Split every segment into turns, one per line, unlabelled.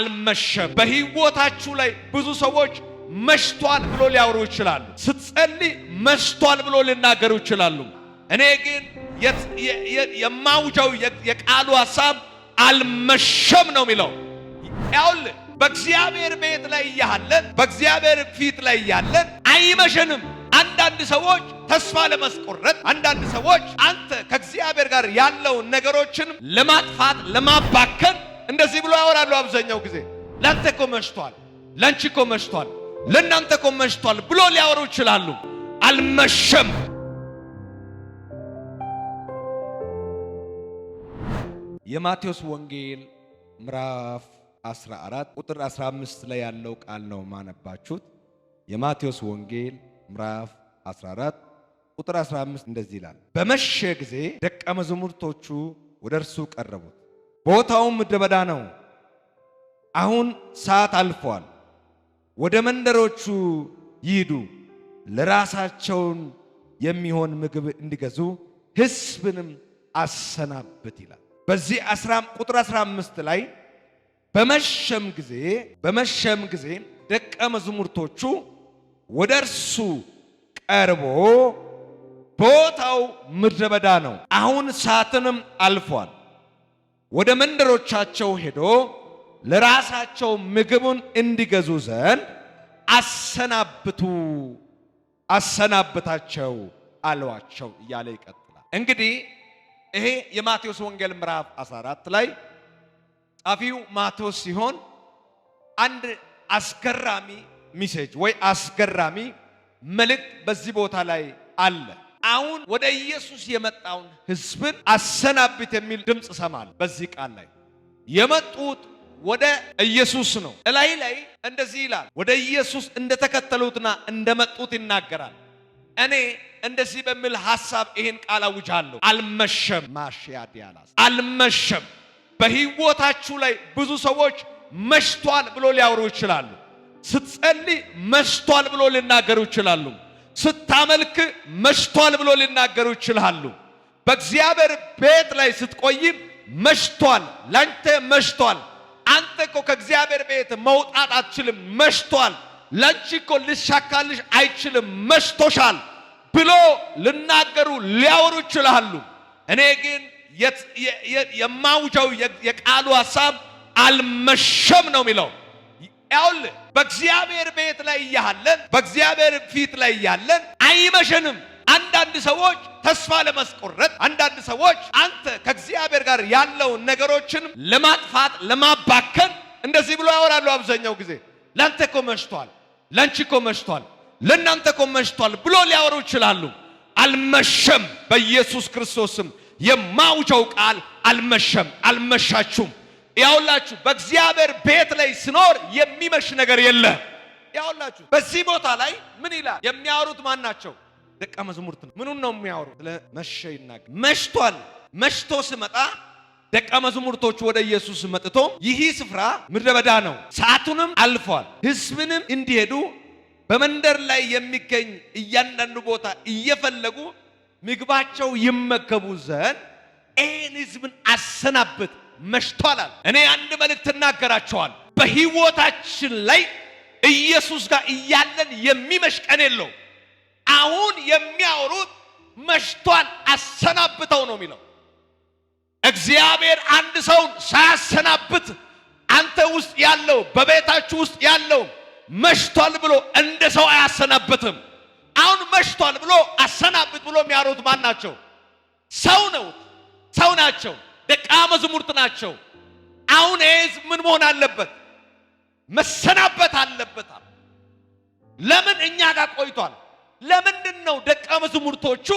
አልመሸም። በህይወታችሁ ላይ ብዙ ሰዎች መሽቷል ብሎ ሊያወሩ ይችላሉ። ስትጸልይ መሽቷል ብሎ ሊናገሩ ይችላሉ። እኔ ግን የማውጃው የቃሉ ሀሳብ አልመሸም ነው የሚለው። ያውል በእግዚአብሔር ቤት ላይ እያለን በእግዚአብሔር ፊት ላይ እያለን አይመሸንም። አንዳንድ ሰዎች ተስፋ ለማስቆረጥ፣ አንዳንድ ሰዎች አንተ ከእግዚአብሔር ጋር ያለውን ነገሮችን ለማጥፋት ለማባከን እንደዚህ ብሎ ያወራሉ። አብዛኛው ጊዜ ላንተ እኮ መሽቷል፣ ላንቺ እኮ መሽቷል፣ ለእናንተ እኮ መሽቷል ብሎ ሊያወሩ ይችላሉ። አልመሸም። የማቴዎስ ወንጌል ምዕራፍ 14 ቁጥር 15 ላይ ያለው ቃል ነው ማነባችሁት። የማቴዎስ ወንጌል ምዕራፍ 14 ቁጥር 15 እንደዚህ ይላል፣ በመሸ ጊዜ ደቀ መዛሙርቶቹ ወደ እርሱ ቀረቡት ቦታውም ምድረ በዳ ነው። አሁን ሰዓት አልፏል። ወደ መንደሮቹ ይሂዱ፣ ለራሳቸውን የሚሆን ምግብ እንዲገዙ ሕዝብንም አሰናብት ይላል። በዚህ ቁጥር 15 ላይ በመሸም ጊዜ በመሸም ጊዜ ደቀ መዝሙርቶቹ ወደ እርሱ ቀርቦ ቦታው ምድረ በዳ ነው፣ አሁን ሰዓትንም አልፏል ወደ መንደሮቻቸው ሄዶ ለራሳቸው ምግቡን እንዲገዙ ዘንድ አሰናብቱ አሰናብታቸው አሏቸው እያለ ይቀጥላል። እንግዲህ ይሄ የማቴዎስ ወንጌል ምዕራፍ 14 ላይ ጻፊው ማቴዎስ ሲሆን አንድ አስገራሚ ሚሴጅ ወይ አስገራሚ መልእክት በዚህ ቦታ ላይ አለ። አሁን ወደ ኢየሱስ የመጣውን ህዝብን አሰናብት የሚል ድምፅ ሰማል። በዚህ ቃል ላይ የመጡት ወደ ኢየሱስ ነው። እላይ ላይ እንደዚህ ይላል። ወደ ኢየሱስ እንደተከተሉትና እንደመጡት ይናገራል። እኔ እንደዚህ በሚል ሐሳብ ይሄን ቃል አውጃለሁ። አልመሸም ማሽያዲያላስ አልመሸም። በህይወታችሁ ላይ ብዙ ሰዎች መሽቷል ብሎ ሊያወሩ ይችላሉ። ስትጸልይ መሽቷል ብሎ ሊናገሩ ይችላሉ። ስታመልክ መሽቷል ብሎ ሊናገሩ ይችላሉ። በእግዚአብሔር ቤት ላይ ስትቆይ መሽቷል፣ ላንተ መሽቷል። አንተ እኮ ከእግዚአብሔር ቤት መውጣት አትችልም፣ መሽቷል። ላንቺ እኮ ልሻካልሽ አይችልም፣ መሽቶሻል ብሎ ልናገሩ ሊያወሩ ይችላሉ። እኔ ግን የማውጃው የቃሉ ሀሳብ አልመሸም ነው የሚለው በእግዚአብሔር ቤት ላይ እያለን በእግዚአብሔር ፊት ላይ እያለን አይመሸንም። አንዳንድ ሰዎች ተስፋ ለማስቆረጥ አንዳንድ ሰዎች አንተ ከእግዚአብሔር ጋር ያለውን ነገሮችን ለማጥፋት ለማባከን እንደዚህ ብሎ ያወራሉ። አብዛኛው ጊዜ ለአንተ እኮ መሽቷል፣ ለአንቺ እኮ መሽቷል፣ ለእናንተ እኮ መሽቷል ብሎ ሊያወሩ ይችላሉ። አልመሸም። በኢየሱስ ክርስቶስም የማውጀው ቃል አልመሸም፣ አልመሻችሁም ያውላችሁ በእግዚአብሔር ቤት ላይ ስኖር የሚመሽ ነገር የለ። ያውላችሁ በዚህ ቦታ ላይ ምን ይላል? የሚያወሩት ማን ናቸው? ደቀ መዝሙርት ነው። ምኑን ነው የሚያወሩ? ስለ መሸ ይናገር። መሽቷል። መሽቶ ስመጣ ደቀ መዝሙርቶቹ ወደ ኢየሱስ መጥቶ ይህ ስፍራ ምድረ በዳ ነው፣ ሰዓቱንም አልፏል፣ ህዝብንም እንዲሄዱ በመንደር ላይ የሚገኝ እያንዳንዱ ቦታ እየፈለጉ ምግባቸው ይመገቡ ዘንድ ይህን ህዝብን አሰናበት መሽቷላል። እኔ አንድ መልእክት እናገራቸዋል። በህይወታችን ላይ ኢየሱስ ጋር እያለን የሚመሽ ቀን የለው። አሁን የሚያወሩት መሽቷል፣ አሰናብተው ነው የሚለው። እግዚአብሔር አንድ ሰውን ሳያሰናብት አንተ ውስጥ ያለው በቤታችሁ ውስጥ ያለው መሽቷል ብሎ እንደ ሰው አያሰናብትም። አሁን መሽቷል ብሎ አሰናብት ብሎ የሚያወሩት ማን ናቸው? ሰው ነው፣ ሰው ናቸው። ደቃ መዝሙርት ናቸው። አሁን ይሄ ህዝብ ምን መሆን አለበት? መሰናበት አለበታል። ለምን እኛ ጋር ቆይቷል? ለምንድን ነው ደቀ መዝሙርቶቹ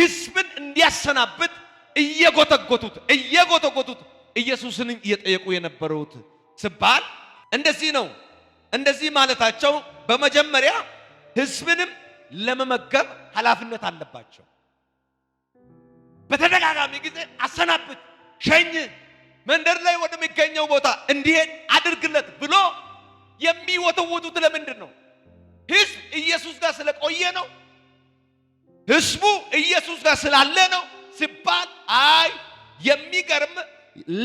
ህዝብን እንዲያሰናብት እየጎተጎቱት እየጎተጎቱት ኢየሱስን እየጠየቁ የነበሩት ስባል እንደዚህ ነው። እንደዚህ ማለታቸው በመጀመሪያ ህዝብንም ለመመገብ ኃላፊነት አለባቸው። በተደጋጋሚ ጊዜ አሰናብት ሸኝ፣ መንደር ላይ ወደሚገኘው ቦታ እንዲሄድ አድርግለት ብሎ የሚወተወቱት ለምንድን ነው? ህዝብ ኢየሱስ ጋር ስለቆየ ነው? ህዝቡ ኢየሱስ ጋር ስላለ ነው ሲባል፣ አይ የሚገርም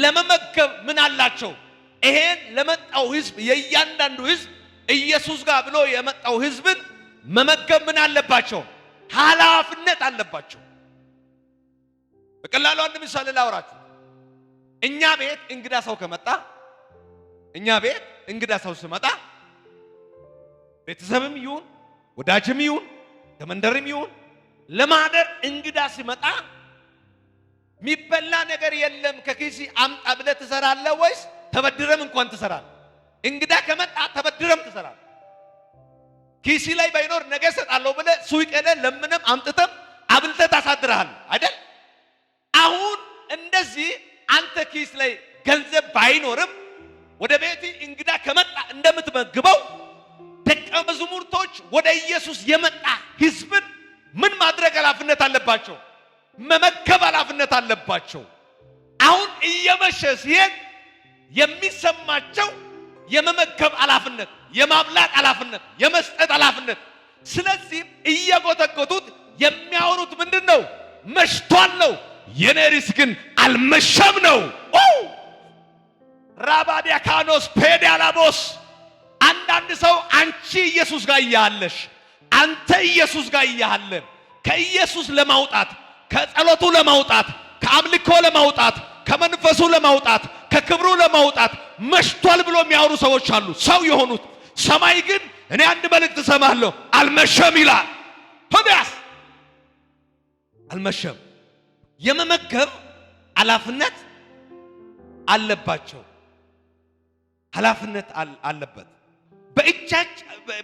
ለመመገብ ምን አላቸው? ይሄን ለመጣው ህዝብ የእያንዳንዱ ህዝብ ኢየሱስ ጋር ብሎ የመጣው ህዝብን መመገብ ምን አለባቸው? ኃላፊነት አለባቸው። በቀላሉ አንድ ምሳሌ ላውራችሁ። እኛ ቤት እንግዳ ሰው ከመጣ እኛ ቤት እንግዳ ሰው ስመጣ ቤተሰብም ይሁን ወዳጅም ይሁን ከመንደርም ይሁን ለማደር እንግዳ ሲመጣ የሚበላ ነገር የለም ከኪሲ አምጣ ብለህ ትሰራለህ ወይስ ተበድረም እንኳን ትሰራለህ? እንግዳ ከመጣ ተበድረም ትሰራለህ። ኪሲ ላይ ባይኖር ነገ እሰጣለሁ ብለህ ሱቅ ሄደህ ለምንም አምጥተም ባይኖርም ወደ ቤት እንግዳ ከመጣ እንደምትመግበው ደቀ መዛሙርቶች ወደ ኢየሱስ የመጣ ሕዝብን ምን ማድረግ ኃላፊነት አለባቸው? መመገብ ኃላፊነት አለባቸው። አሁን እየመሸ ሲሄድ የሚሰማቸው የመመገብ ኃላፊነት፣ የማብላት ኃላፊነት፣ የመስጠት ኃላፊነት። ስለዚህም እየጎተጎቱት የሚያወሩት ምንድን ነው? መሽቷል ነው። የኔ ሪስ ግን አልመሸም ነው። ራባዲያካኖስ ፔዲያላቦስ አንዳንድ ሰው አንቺ ኢየሱስ ጋር እያለሽ አንተ ኢየሱስ ጋር እያለን ከኢየሱስ ለማውጣት ከጸሎቱ ለማውጣት ከአምልኮ ለማውጣት ከመንፈሱ ለማውጣት ከክብሩ ለማውጣት መሽቷል ብሎ የሚያወሩ ሰዎች አሉ። ሰው የሆኑት ሰማይ ግን እኔ አንድ መልእክት እሰማለሁ፣ አልመሸም ይላል። ሆዲያስ አልመሸም የመመገብ ኃላፊነት አለባቸው። ኃላፊነት አለበት።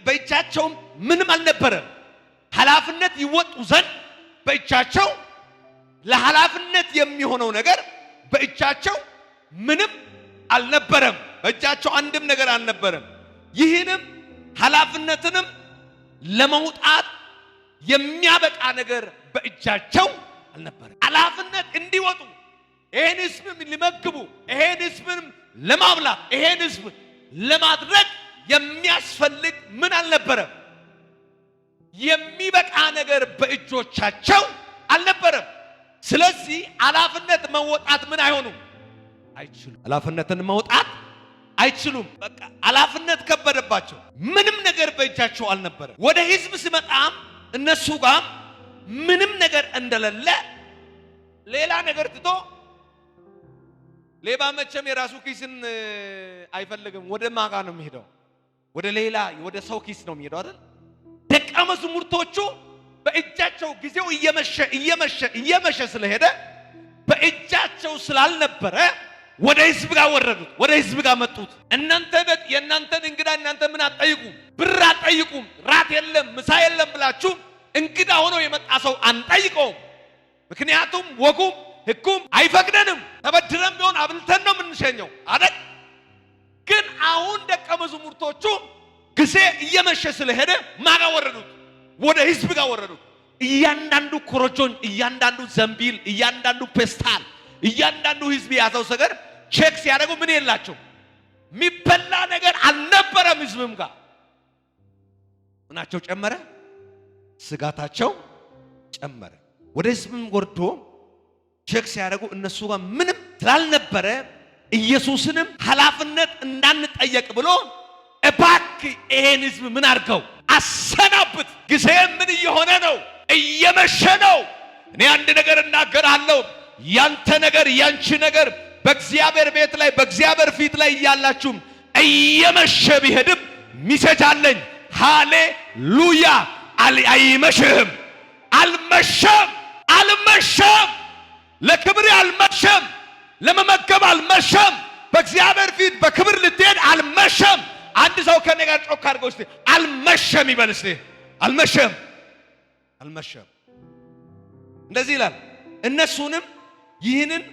በእጃቸውም ምንም አልነበረም። ኃላፊነት ይወጡ ዘንድ በእጃቸው ለኃላፊነት የሚሆነው ነገር በእጃቸው ምንም አልነበረም። በእጃቸው አንድም ነገር አልነበረም። ይህንም ኃላፊነትንም ለመውጣት የሚያበቃ ነገር በእጃቸው አልነበረም። ኃላፊነት እንዲወጡ ይሄን ህዝብም ሊመግቡ ይሄን ህዝብንም ለማብላት ይሄን ህዝብ ለማድረግ የሚያስፈልግ ምን አልነበረም። የሚበቃ ነገር በእጆቻቸው አልነበረም። ስለዚህ ኃላፊነት መወጣት ምን አይሆኑም አይችሉም። ኃላፊነትን መውጣት አይችሉም። በቃ ኃላፊነት ከበደባቸው። ምንም ነገር በእጃቸው አልነበረም። ወደ ህዝብ ሲመጣም እነሱ ጋር ምንም ነገር እንደሌለ ሌላ ነገር ትቶ ሌባ መቼም የራሱ ኪስን አይፈልግም። ወደ ማጋ ነው የሚሄደው፣ ወደ ሌላ ወደ ሰው ኪስ ነው የሚሄደው አይደል? ደቀ መዛሙርቶቹ በእጃቸው ጊዜው እየመሸ እየመሸ እየመሸ ስለሄደ በእጃቸው ስላልነበረ ወደ ህዝብ ጋር ወረዱት፣ ወደ ህዝብ ጋር መጡት። እናንተ ቤት የእናንተን እንግዳ እናንተ ምን አትጠይቁም፣ ብር አትጠይቁም፣ ራት የለም ምሳ የለም ብላችሁ እንግዳ ሆኖ የመጣ ሰው አንጠይቀውም። ምክንያቱም ወጉም ሕጉም አይፈቅደንም። ተበድረን ቢሆን አብልተን ነው የምንሸኘው አይደል? ግን አሁን ደቀ መዝሙርቶቹ ጊዜ እየመሸ ስለሄደ ማጋ ወረዱት፣ ወደ ህዝብ ጋር ወረዱት። እያንዳንዱ ኮረጆን፣ እያንዳንዱ ዘንቢል፣ እያንዳንዱ ፔስታል፣ እያንዳንዱ ህዝብ የያዘው ሰገር ቼክ ሲያደርጉ ምን የላቸው የሚበላ ነገር አልነበረም። ህዝብም ጋር ምናቸው ጨመረ፣ ስጋታቸው ጨመረ። ወደ ህዝብም ወርዶ ቼክ ሲያደርጉ እነሱ ጋር ምንም ስላልነበረ ኢየሱስንም ኃላፊነት እንዳንጠየቅ ብሎ እባክ ይሄን ህዝብ ምን አድርገው አሰናብት፣ ጊዜ ምን እየሆነ ነው? እየመሸ ነው። እኔ አንድ ነገር እናገራለሁ። ያንተ ነገር ያንቺ ነገር በእግዚአብሔር ቤት ላይ በእግዚአብሔር ፊት ላይ እያላችሁም እየመሸ ቢሄድም ሚሴጅ አለኝ። ሃሌሉያ! አይመሽህም፣ አልመሸም፣ አልመሸም። ለክብር አልመሸም፣ ለመመገብ አልመሸም፣ በእግዚአብሔር ፊት በክብር ልትሄድ አልመሸም። አንድ ሰው ከኔ ጋር ጮክ አድርገው እስቲ አልመሸም ይበል እስቲ። አልመሸም፣ አልመሸም። እንደዚህ ይላል። እነሱንም ይህንን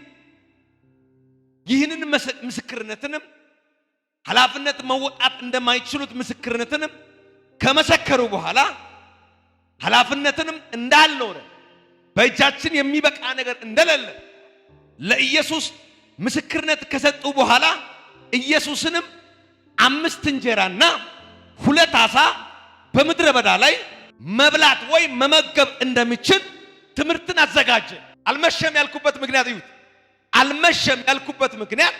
ይህንን ምስክርነትንም ኃላፊነት መወጣት እንደማይችሉት ምስክርነትንም ከመሰከሩ በኋላ ኃላፊነትንም እንዳልኖረ በእጃችን የሚበቃ ነገር እንደሌለ ለኢየሱስ ምስክርነት ከሰጡ በኋላ ኢየሱስንም አምስት እንጀራና ሁለት ዓሣ በምድረ በዳ ላይ መብላት ወይም መመገብ እንደሚችል ትምህርትን አዘጋጀ። አልመሸም ያልኩበት ምክንያት እዩት። አልመሸም ያልኩበት ምክንያት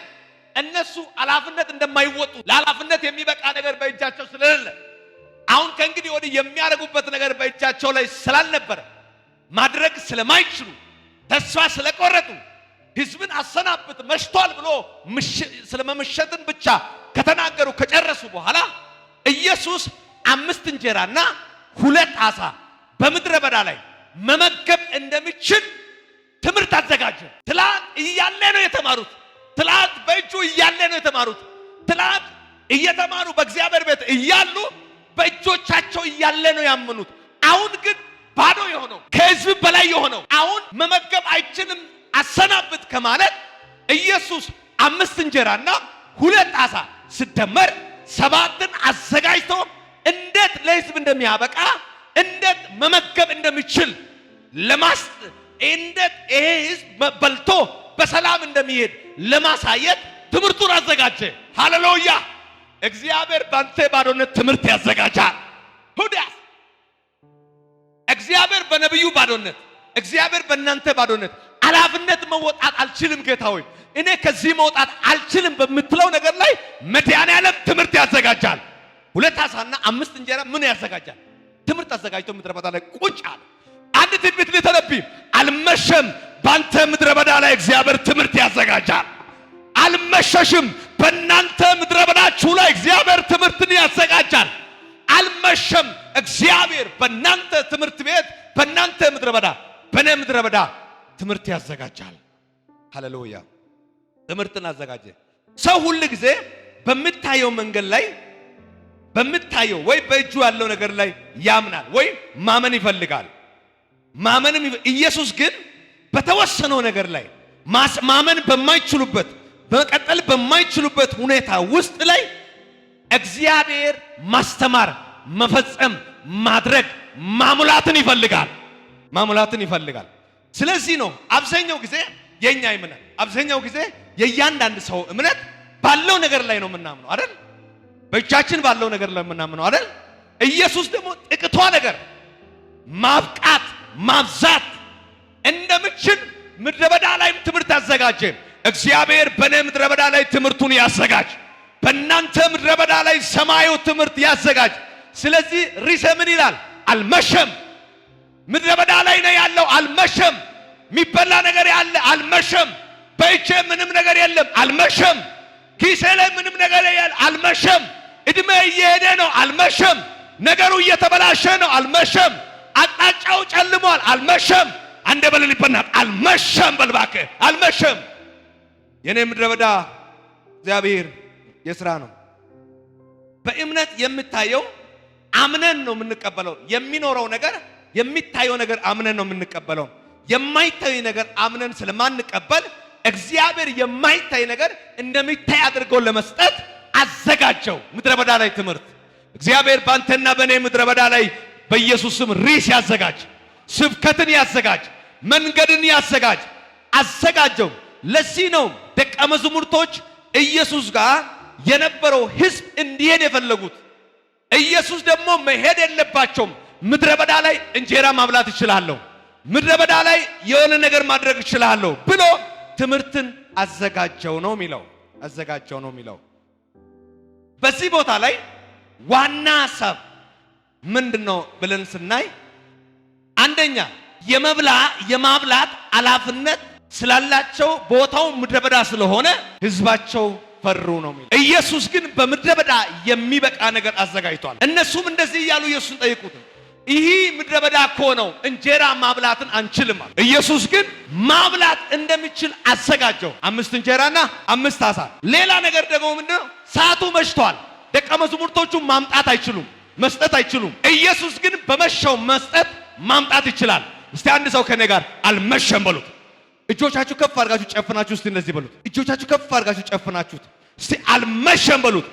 እነሱ ኃላፊነት እንደማይወጡ ለኃላፊነት የሚበቃ ነገር በእጃቸው ስለሌለ አሁን ከእንግዲህ ወዲህ የሚያደርጉበት ነገር በእጃቸው ላይ ስላልነበረ ማድረግ ስለማይችሉ ተስፋ ስለቆረጡ ህዝብን አሰናብት መሽቷል ብሎ ስለመመሸትን ብቻ ከተናገሩ ከጨረሱ በኋላ ኢየሱስ አምስት እንጀራና ሁለት ዓሣ በምድረ በዳ ላይ መመገብ እንደሚችል ትምህርት አዘጋጀ። ትላንት እያለ ነው የተማሩት። ትላንት በእጁ እያለ ነው የተማሩት። ትላንት እየተማሩ በእግዚአብሔር ቤት እያሉ በእጆቻቸው እያለ ነው ያመኑት። አሁን ግን ባዶ የሆነው ከህዝብ በላይ የሆነው አሁን መመገብ አይችልም አሰናብት ከማለት ኢየሱስ አምስት እንጀራና ሁለት ዓሣ ስደመር ሰባትን አዘጋጅቶ እንዴት ለህዝብ እንደሚያበቃ እንዴት መመገብ እንደሚችል ለማስ እንዴት ይሄ ህዝብ በልቶ በሰላም እንደሚሄድ ለማሳየት ትምህርቱን አዘጋጀ። ሃሌሉያ! እግዚአብሔር ባንተ ባዶነት ትምህርት ያዘጋጃል። ሁዳስ እግዚአብሔር በነቢዩ ባዶነት፣ እግዚአብሔር በእናንተ ባዶነት አላፍነት መወጣት አልችልም። ጌታ ሆይ እኔ ከዚህ መውጣት አልችልም በምትለው ነገር ላይ መድኃኔዓለም ትምህርት ያዘጋጃል። ሁለት አሳና አምስት እንጀራ ምን ያዘጋጃል? ትምህርት አዘጋጅቶ ምድረ በዳ ላይ ቁጭ አለ። አንድ ትንቢት ልተነብይ። አልመሸም፣ በአንተ ምድረ በዳ ላይ እግዚአብሔር ትምህርት ያዘጋጃል። አልመሸሽም፣ በእናንተ ምድረ በዳችሁ ላይ እግዚአብሔር ትምህርትን ያዘጋጃል። አልመሸም። እግዚአብሔር በእናንተ ትምህርት ቤት፣ በእናንተ ምድረ በዳ፣ በእኔ ምድረ በዳ ትምህርት ያዘጋጃል። ሃሌሉያ! ትምህርትን አዘጋጀ። ሰው ሁል ጊዜ በምታየው መንገድ ላይ በምታየው ወይ በእጁ ያለው ነገር ላይ ያምናል ወይ ማመን ይፈልጋል። ማመንም ኢየሱስ ግን በተወሰነው ነገር ላይ ማመን በማይችሉበት መቀጠል በማይችሉበት ሁኔታ ውስጥ ላይ እግዚአብሔር ማስተማር፣ መፈጸም፣ ማድረግ ማሙላትን ይፈልጋል። ማሙላትን ይፈልጋል። ስለዚህ ነው አብዛኛው ጊዜ የኛ እምነት አብዛኛው ጊዜ የእያንዳንድ ሰው እምነት ባለው ነገር ላይ ነው የምናምነው አይደል? በእጃችን ባለው ነገር ላይ የምናምነው አይደል? ኢየሱስ ደግሞ ጥቅቷ ነገር ማብቃት ማብዛት እንደምችል ምድረ በዳ ላይም ትምህርት አዘጋጀ። እግዚአብሔር በእኔ ምድረ በዳ ላይ ትምህርቱን ያዘጋጅ። በእናንተ ምድረ በዳ ላይ ሰማዩ ትምህርት ያዘጋጅ። ስለዚህ ሪሰ ምን ይላል? አልመሸም። ምድረ በዳ ላይ ነው ያለው። አልመሸም። የሚበላ ነገር ያለ አልመሸም። በእጄ ምንም ነገር የለም አልመሸም። ኪሴ ላይ ምንም ነገር የለም አልመሸም። እድሜ እየሄደ ነው አልመሸም። ነገሩ እየተበላሸ ነው አልመሸም። አቅጣጫው ጨልሟል አልመሸም። አንደ በለል ይበናል አልመሸም። በልባከ አልመሸም። የኔ ምድረ በዳ እግዚአብሔር የስራ ነው። በእምነት የምታየው አምነን ነው የምንቀበለው። የሚኖረው ነገር የሚታየው ነገር አምነን ነው የምንቀበለው። የማይታይ ነገር አምነን ስለማንቀበል እግዚአብሔር የማይታይ ነገር እንደሚታይ አድርገው ለመስጠት አዘጋጀው። ምድረ በዳ ላይ ትምህርት እግዚአብሔር ባንተና በእኔ ምድረ በዳ ላይ በኢየሱስ ስም ርዕስ ያዘጋጅ፣ ስብከትን ያዘጋጅ፣ መንገድን ያዘጋጅ፣ አዘጋጀው። ለዚህ ነው ደቀ መዝሙርቶች ኢየሱስ ጋር የነበረው ህዝብ እንዲሄድ የፈለጉት ኢየሱስ ደግሞ መሄድ የለባቸውም። ምድረ በዳ ላይ እንጀራ ማብላት እችላለሁ፣ ምድረ በዳ ላይ የሆነ ነገር ማድረግ እችላለሁ ብሎ ትምህርትን አዘጋጀው ነው የሚለው አዘጋጀው ነው የሚለው። በዚህ ቦታ ላይ ዋና ሀሳብ ምንድን ነው ብለን ስናይ አንደኛ የመብላ የማብላት ኃላፊነት ስላላቸው ቦታው ምድረ በዳ ስለሆነ ህዝባቸው ፈሩ ነው የሚለው። ኢየሱስ ግን በምድረ በዳ የሚበቃ ነገር አዘጋጅቷል። እነሱም እንደዚህ እያሉ ኢየሱስን ጠይቁት፣ ይህ ምድረ በዳ እኮ ነው እንጀራ ማብላትን አንችልም አለ። ኢየሱስ ግን ማብላት እንደሚችል አዘጋጀው፣ አምስት እንጀራና አምስት አሳ። ሌላ ነገር ደግሞ ምንድነው? ሰዓቱ መሽቷል። ደቀ መዝሙርቶቹ ማምጣት አይችሉም፣ መስጠት አይችሉም። ኢየሱስ ግን በመሸው መስጠት ማምጣት ይችላል። እስቲ አንድ ሰው ከኔ ጋር አልመሸም በሉት። እጆቻችሁ ከፍ አድርጋችሁ ጨፍናችሁ፣ እስቲ እንደዚህ በሉት። እጆቻችሁ ከፍ አድርጋችሁ ጨፍናችሁት እስቲ አልመሸም በሉት